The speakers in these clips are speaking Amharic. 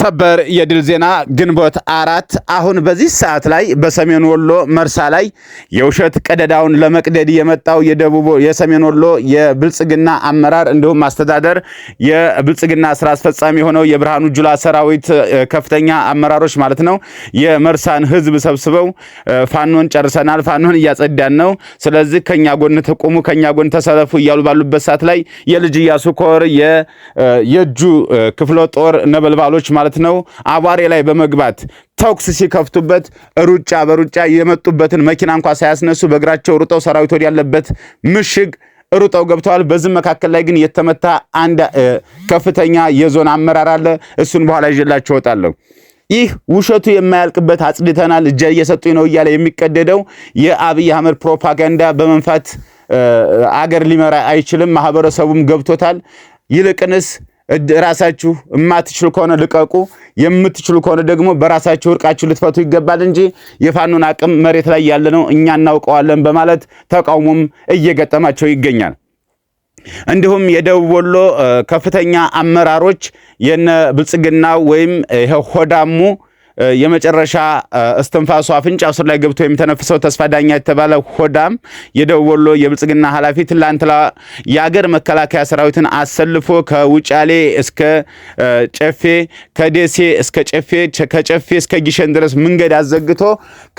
ሰበር የድል ዜና ግንቦት አራት አሁን በዚህ ሰዓት ላይ በሰሜን ወሎ መርሳ ላይ የውሸት ቀደዳውን ለመቅደድ የመጣው የደቡብ የሰሜን ወሎ የብልጽግና አመራር እንዲሁም አስተዳደር የብልጽግና ስራ አስፈጻሚ የሆነው የብርሃኑ ጁላ ሰራዊት ከፍተኛ አመራሮች ማለት ነው የመርሳን ህዝብ ሰብስበው ፋኖን ጨርሰናል፣ ፋኖን እያጸዳን ነው፣ ስለዚህ ከኛ ጎን ተቆሙ፣ ከኛ ጎን ተሰለፉ እያሉ ባሉበት ሰዓት ላይ የልጅ ኢያሱ ኮር የእጁ ክፍለ ጦር ነበልባሎች ፋኖዎች ማለት ነው አቧሬ ላይ በመግባት ተኩስ ሲከፍቱበት ሩጫ በሩጫ የመጡበትን መኪና እንኳ ሳያስነሱ በእግራቸው ሩጠው ሰራዊት ወደ ያለበት ምሽግ ሩጠው ገብተዋል። በዚህ መካከል ላይ ግን የተመታ አንድ ከፍተኛ የዞን አመራር አለ። እሱን በኋላ ይዤላችሁ እወጣለሁ። ይህ ውሸቱ የማያልቅበት አጽድተናል፣ እጃ እየሰጡኝ ነው እያለ የሚቀደደው የአብይ አህመድ ፕሮፓጋንዳ በመንፋት አገር ሊመራ አይችልም። ማህበረሰቡም ገብቶታል። ይልቅንስ ራሳችሁ የማትችሉ ከሆነ ልቀቁ፣ የምትችሉ ከሆነ ደግሞ በራሳችሁ እርቃችሁ ልትፈቱ ይገባል እንጂ የፋኖን አቅም መሬት ላይ ያለ ነው እኛ እናውቀዋለን በማለት ተቃውሞም እየገጠማቸው ይገኛል። እንዲሁም የደቡብ ወሎ ከፍተኛ አመራሮች የነ ብልጽግና ወይም ሆዳሙ የመጨረሻ እስትንፋሱ አፍንጫው ስር ላይ ገብቶ የሚተነፍሰው ተስፋ ዳኛ የተባለ ሆዳም የደቡብ ወሎ የብልጽግና ኃላፊ ትላንት የአገር መከላከያ ሰራዊትን አሰልፎ ከውጫሌ እስከ ጨፌ ከደሴ እስከ ጨፌ ከጨፌ እስከ ጊሸን ድረስ መንገድ አዘግቶ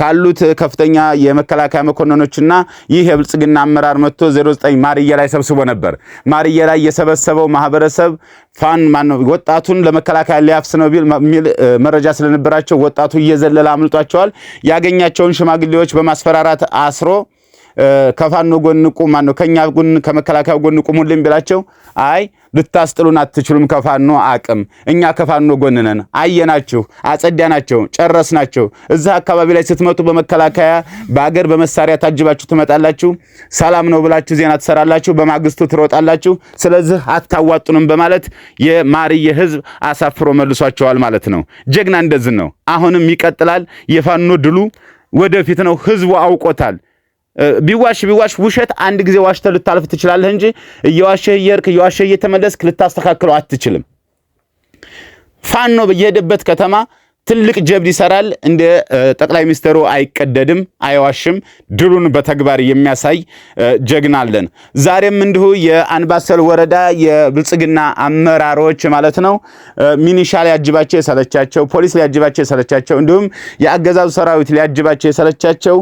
ካሉት ከፍተኛ የመከላከያ መኮንኖችና ይህ የብልጽግና አመራር መጥቶ 09 ማርየ ላይ ሰብስቦ ነበር። ማርየ ላይ የሰበሰበው ማህበረሰብ ፋን ማን ነው ወጣቱን ለመከላከያ ሊያፍስ ነው የሚል መረጃ ስለነበራቸው ወጣቱ እየዘለለ አምልጧቸዋል። ያገኛቸውን ሽማግሌዎች በማስፈራራት አስሮ ከፋኖ ጎን ቁም ነው ከኛ ጎን ከመከላከያ ጎን ቁሙልን ቢላቸው አይ ልታስጥሉን አትችሉም፣ ከፋኖ አቅም እኛ ከፋኖ ጎን ነን፣ አየናችሁ፣ አጸዳናቸው፣ ጨረስናቸው። እዛ አካባቢ ላይ ስትመጡ በመከላከያ በአገር በመሳሪያ ታጅባችሁ ትመጣላችሁ፣ ሰላም ነው ብላችሁ ዜና ትሰራላችሁ፣ በማግስቱ ትሮጣላችሁ። ስለዚህ አታዋጡንም በማለት የማርየ ህዝብ አሳፍሮ መልሷቸዋል ማለት ነው። ጀግና እንደዚህ ነው። አሁንም ይቀጥላል። የፋኖ ድሉ ወደፊት ነው። ህዝቡ አውቆታል። ቢዋሽ ቢዋሽ ውሸት አንድ ጊዜ ዋሽተ ልታልፍ ትችላለህ እንጂ እየዋሸህ እየርክ እየዋሸህ እየተመለስክ ልታስተካክለው አትችልም። ፋኖ በየሄደበት ከተማ ትልቅ ጀብድ ይሰራል። እንደ ጠቅላይ ሚኒስትሩ አይቀደድም፣ አይዋሽም፣ ድሉን በተግባር የሚያሳይ ጀግና አለን። ዛሬም እንዲሁ የአንባሰል ወረዳ የብልጽግና አመራሮች ማለት ነው ሚኒሻ ሊያጅባቸው የሰለቻቸው፣ ፖሊስ ሊያጅባቸው የሰለቻቸው፣ እንዲሁም የአገዛዙ ሰራዊት ሊያጅባቸው የሰለቻቸው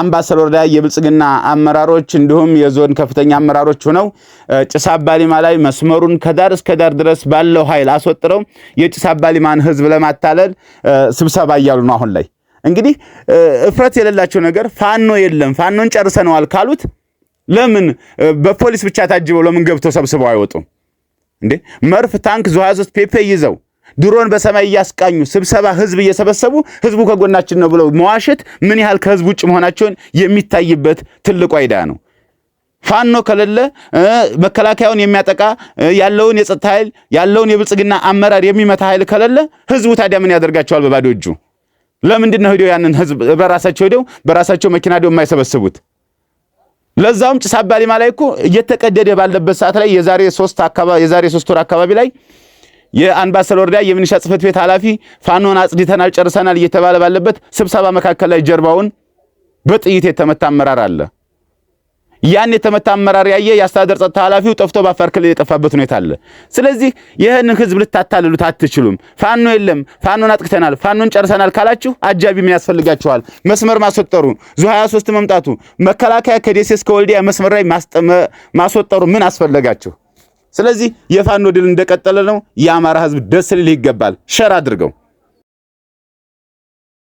አምባሰል ወረዳ የብልጽግና አመራሮች እንዲሁም የዞን ከፍተኛ አመራሮች ሆነው ጭስ አባሊማ ላይ መስመሩን ከዳር እስከ ዳር ድረስ ባለው ኃይል አስወጥረው የጭስ አባሊማን ህዝብ ለማታለል ስብሰባ እያሉ ነው። አሁን ላይ እንግዲህ እፍረት የሌላቸው ነገር ፋኖ የለም ፋኖን ጨርሰነዋል ካሉት ለምን በፖሊስ ብቻ ታጅበው ለምን ገብተው ሰብስበው አይወጡም እንዴ? መርፍ፣ ታንክ፣ ዙ 23 ፔፔ ይዘው ድሮን በሰማይ እያስቃኙ ስብሰባ ህዝብ እየሰበሰቡ ህዝቡ ከጎናችን ነው ብለው መዋሸት ምን ያህል ከህዝብ ውጭ መሆናቸውን የሚታይበት ትልቁ አይዳ ነው። ፋኖ ከሌለ መከላከያውን የሚያጠቃ ያለውን የጸጥታ ኃይል ያለውን የብልጽግና አመራር የሚመታ ኃይል ከሌለ ህዝቡ ታዲያ ምን ያደርጋቸዋል? በባዶ እጁ ለምንድን ነው ሄደው ያንን ህዝብ በራሳቸው ሄደው በራሳቸው መኪና ሄደው የማይሰበስቡት? ለዛውም ጭስ አባሊማ ላይ እኮ እየተቀደደ ባለበት ሰዓት ላይ የዛሬ ሶስት የዛሬ ሶስት ወር አካባቢ ላይ የአምባሰል ወረዳ የሚኒሻ ጽሕፈት ቤት ኃላፊ ፋኖን አጽድተናል ጨርሰናል እየተባለ ባለበት ስብሰባ መካከል ላይ ጀርባውን በጥይት የተመታ አመራር አለ። ያን የተመታ አመራር ያየ የአስተዳደር ጸጥታ ኃላፊው ጠፍቶ በአፋር ክልል የጠፋበት ሁኔታ አለ። ስለዚህ ይህንን ህዝብ ልታታልሉት አትችሉም። ፋኖ የለም፣ ፋኖን አጥቅተናል፣ ፋኖን ጨርሰናል ካላችሁ አጃቢ ምን ያስፈልጋችኋል? መስመር ማስወጠሩ ዙ 23 መምጣቱ መከላከያ ከደሴ እስከ ወልዲያ መስመር ላይ ማስወጠሩ ምን አስፈለጋችሁ? ስለዚህ የፋኖ ድል እንደቀጠለ ነው። የአማራ ህዝብ ደስ ሊል ይገባል። ሸር አድርገው።